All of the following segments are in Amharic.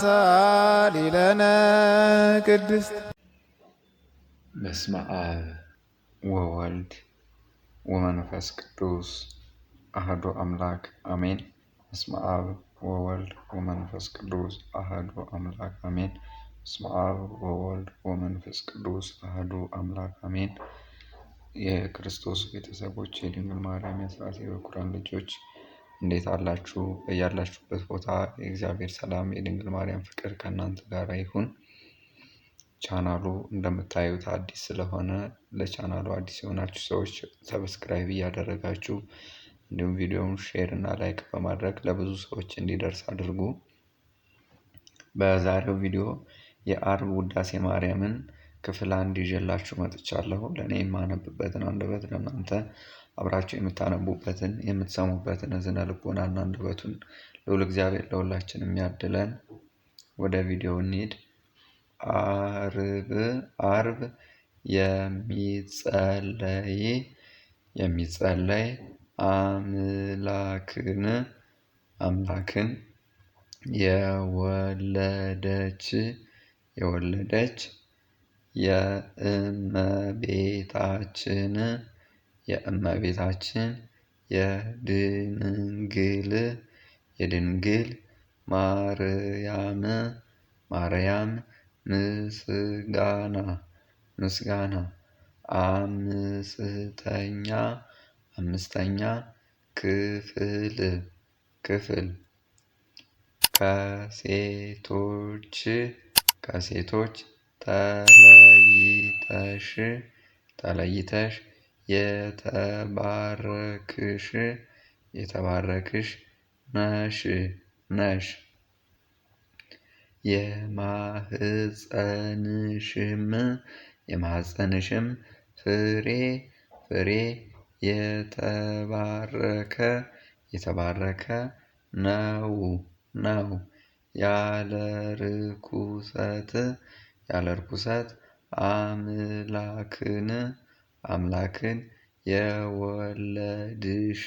ሳሊለነ ቅድስት በስመ አብ ወወልድ ወመንፈስ ቅዱስ አህዶ አምላክ አሜን። በስመ አብ ወወልድ ወመንፈስ ቅዱስ አህዶ አምላክ አሜን። በስመ አብ ወወልድ ወመንፈስ ቅዱስ አህዶ አምላክ አሜን። የክርስቶስ ቤተሰቦች፣ የድንግል ማርያም የስላሴ በኩራን ልጆች እንዴት አላችሁ? በያላችሁበት ቦታ የእግዚአብሔር ሰላም የድንግል ማርያም ፍቅር ከእናንተ ጋር ይሁን። ቻናሉ እንደምታዩት አዲስ ስለሆነ ለቻናሉ አዲስ የሆናችሁ ሰዎች ሰብስክራይብ እያደረጋችሁ እንዲሁም ቪዲዮውን ሼር እና ላይክ በማድረግ ለብዙ ሰዎች እንዲደርስ አድርጉ። በዛሬው ቪዲዮ የአርብ ውዳሴ ማርያምን ክፍል አንድ ይዤላችሁ መጥቻለሁ። ለእኔ የማነብበትን አንደበት ለእናንተ አብራቸው የምታነቡበትን የምትሰሙበትን እዝነ ልቦናና አንደበቱን ልዑል እግዚአብሔር ለሁላችን የሚያድለን። ወደ ቪዲዮ እንሂድ። አርብ አርብ የሚጸለይ የሚጸለይ አምላክን አምላክን የወለደች የወለደች የእመቤታችን የእመቤታችን የድንግል የድንግል ማርያም ማርያም ምስጋና ምስጋና አምስተኛ አምስተኛ ክፍል ክፍል ከሴቶች ከሴቶች ተለይተሽ ተለይተሽ የተባረክሽ የተባረክሽ ነሽ ነሽ የማህፀንሽም የማህፀንሽም ፍሬ ፍሬ የተባረከ የተባረከ ነው ነው ያለ ርኩሰት ያለ ርኩሰት አምላክን አምላክን የወለድሽ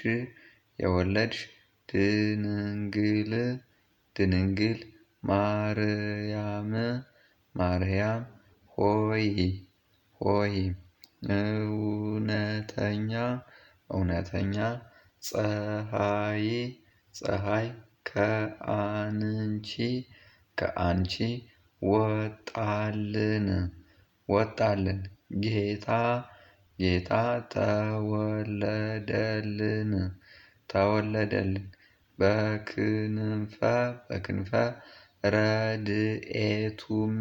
የወለድሽ ድንግል ድንግል ማርያም ማርያም ሆይ ሆይ እውነተኛ እውነተኛ ፀሐይ ፀሐይ ከአንቺ ከአንቺ ወጣልን ወጣልን ጌታ ጌታ ተወለደልን ተወለደልን በክንፈ በክንፈ ረድኤቱም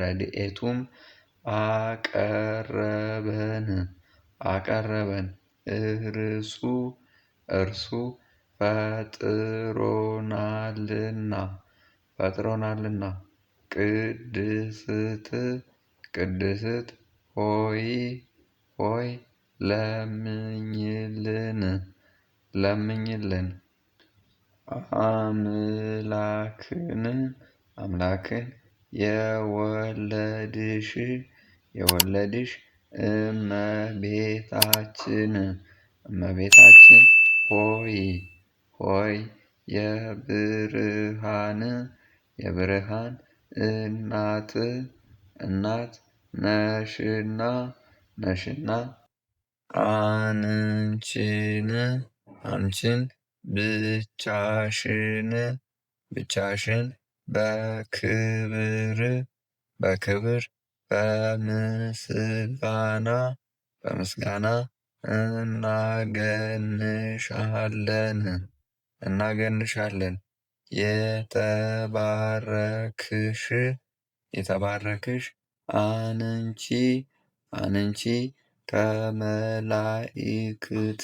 ረድኤቱም አቀረበን አቀረበን እርሱ እርሱ ፈጥሮናልና ፈጥሮናልና ቅድስት ቅድስት ሆይ ሆይ ለምኝልን ለምኝልን አምላክን አምላክን የወለድሽ የወለድሽ እመቤታችን እመቤታችን ሆይ ሆይ የብርሃን የብርሃን እናት እናት ነሽና ነሽ አንቺን አንቺን ብቻሽን ብቻሽን በክብር በክብር በምስጋና በምስጋና እናገንሻለን እናገንሻለን የተባረክሽ የተባረክሽ አንቺ አንቺ ከመላእክት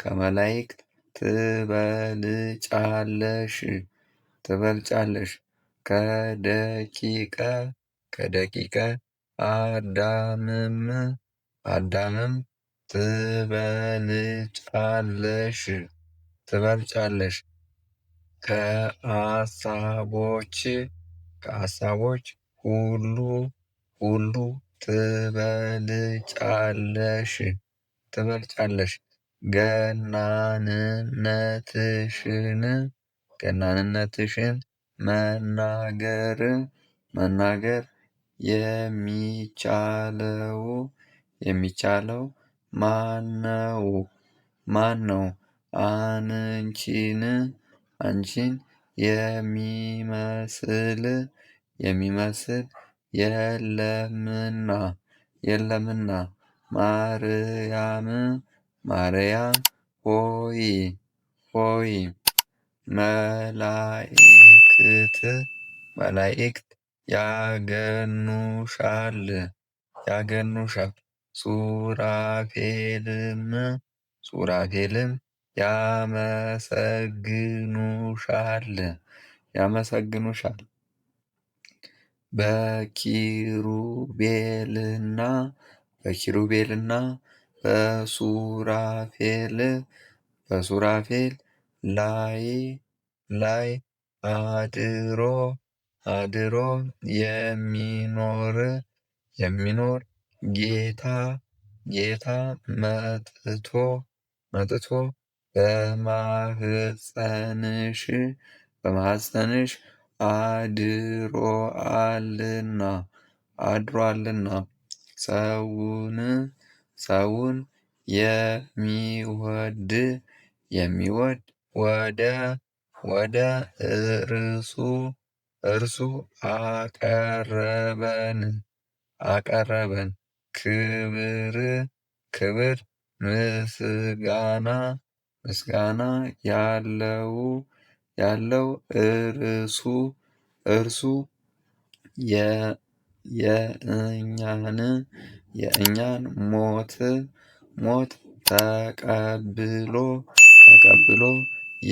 ከመላእክት ትበልጫለሽ ትበልጫለሽ ከደቂቀ ከደቂቀ አዳምም አዳምም ትበልጫለሽ ትበልጫለሽ ከአሳቦች ከአሳቦች ሁሉ ሁሉ ትበልጫለሽ ትበልጫለሽ ገናንነትሽን ገናንነትሽን መናገር መናገር የሚቻለው የሚቻለው ማነው ማነው? አንቺን አንቺን የሚመስል የሚመስል የለምና የለምና ማርያም ማርያም ሆይ ሆይ መላእክት መላእክት ያገኑሻል ያገኑሻል ሱራፌልም ሱራፌልም ያመሰግኑሻል ያመሰግኑሻል በኪሩቤልና በኪሩቤልና በሱራፌል በሱራፌል ላይ ላይ አድሮ አድሮ የሚኖር የሚኖር ጌታ ጌታ መጥቶ መጥቶ በማህፀንሽ በማህፀንሽ አድሮአልና አድሮአልና ሰውን ሰውን የሚወድ የሚወድ ወደ ወደ እርሱ እርሱ አቀረበን አቀረበን ክብር ክብር ምስጋና ምስጋና ያለው ያለው እርሱ እርሱ የእኛን የእኛን ሞት ሞት ተቀብሎ ተቀብሎ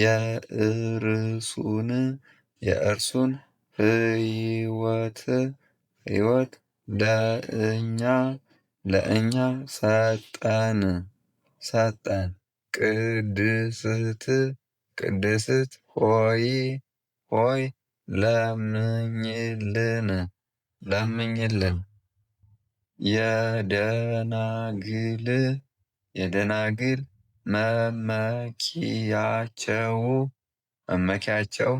የእርሱን የእርሱን ህይወት ህይወት ለእኛ ለእኛ ሰጠን ሰጠን ቅድስት ቅድስት ሆይ ሆይ ለምኝልን ለምኝልን የደናግል የደናግል መመኪያቸው መመኪያቸው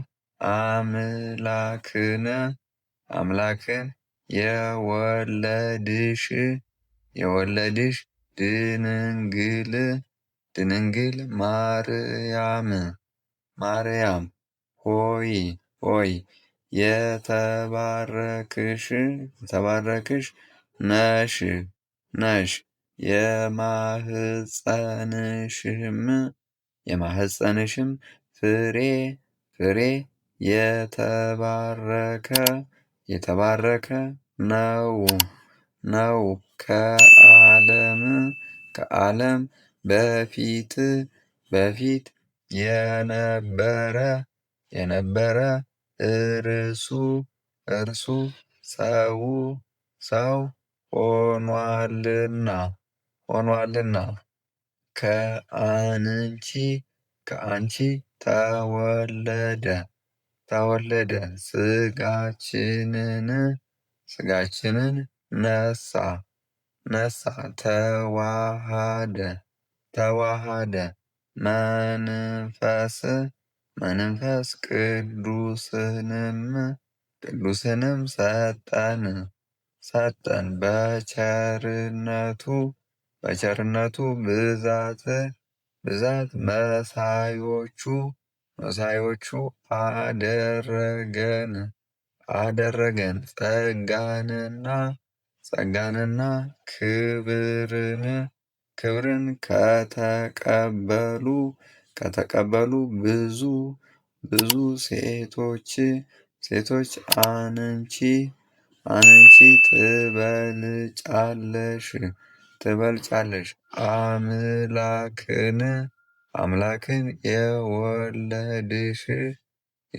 አምላክን አምላክን የወለድሽ የወለድሽ ድንግል ድንግል ማርያም ማርያም ሆይ ሆይ የተባረክሽ የተባረክሽ ነሽ ነሽ የማህፀንሽም የማህፀንሽም ፍሬ ፍሬ የተባረከ የተባረከ ነው ነው ከዓለም ከዓለም በፊት በፊት የነበረ የነበረ እርሱ እርሱ ሰው ሰው ሆኗልና ሆኗልና ከአንቺ ከአንቺ ተወለደ ተወለደ ስጋችንን ስጋችንን ነሳ ነሳ ተዋሃደ ተዋሃደ መንፈስ መንፈስ ቅዱስንም ቅዱስንም ሰጠን ሰጠን በቸርነቱ በቸርነቱ ብዛት ብዛት መሳዮቹ መሳዮቹ አደረገን አደረገን ጸጋንና ጸጋንና ክብርን ክብርን ከተቀበሉ ከተቀበሉ ብዙ ብዙ ሴቶች ሴቶች አንቺ አንቺ ትበልጫለሽ ትበልጫለሽ አምላክን አምላክን የወለድሽ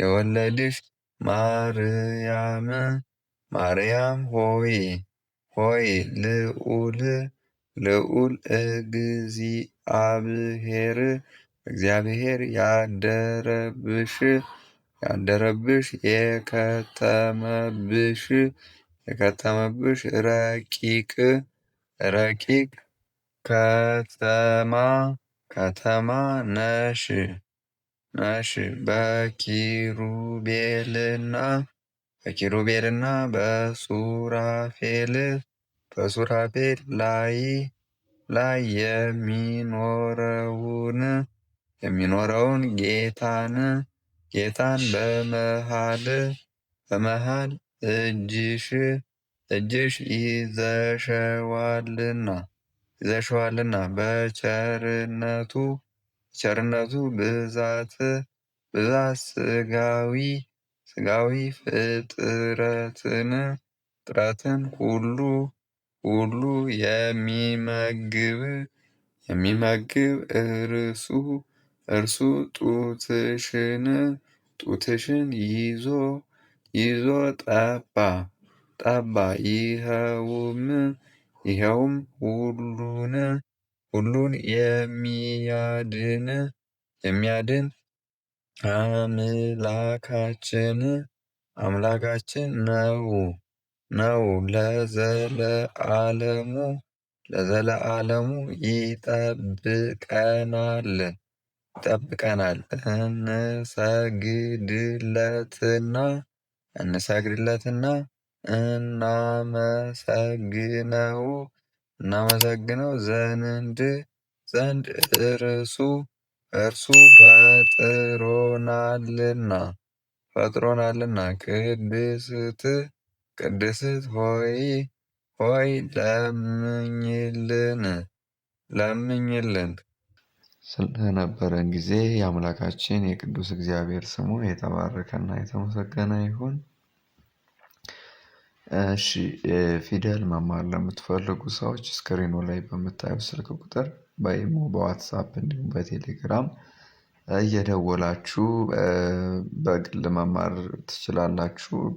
የወለድሽ ማርያም ማርያም ሆይ ሆይ ልዑል ልዑል እግዚአብሔር እግዚአብሔር ያደረብሽ ያደረብሽ የከተመብሽ የከተመብሽ ረቂቅ ረቂቅ ከተማ ከተማ ነሽ ነሽ በኪሩቤልና በኪሩቤልና በሱራፌል በሱራፌል ላይ ላይ የሚኖረውን የሚኖረውን ጌታን ጌታን በመሃል በመሃል እጅሽ እጅሽ ይዘሸዋልና ይዘሸዋልና በቸርነቱ ቸርነቱ ብዛት ብዛት ስጋዊ ስጋዊ ፍጥረትን ጥረትን ሁሉ ሁሉ የሚመግብ የሚመግብ እርሱ እርሱ ጡትሽን ጡትሽን ይዞ ይዞ ጠባ ጠባ ይኸውም ይኸውም ሁሉን ሁሉን የሚያድን የሚያድን አምላካችን አምላካችን ነው። ነው ለዘለዓለሙ ለዘለዓለሙ ይጠብቀናል ይጠብቀናል። እንሰግድለትና እንሰግድለትና እናመሰግነው እናመሰግነው ዘንድ ዘንድ እርሱ እርሱ ፈጥሮናልና ፈጥሮናልና ቅድስት ቅድስት ሆይ ሆይ ለምኝልን ለምኝልን። ስለነበረን ጊዜ የአምላካችን የቅዱስ እግዚአብሔር ስሙ የተባረከና የተመሰገነ ይሁን። እሺ ፊደል መማር ለምትፈልጉ ሰዎች ስክሪኑ ላይ በምታዩ ስልክ ቁጥር በኢሞ በዋትሳፕ እንዲሁም በቴሌግራም እየደወላችሁ በግል መማር ትችላላችሁ።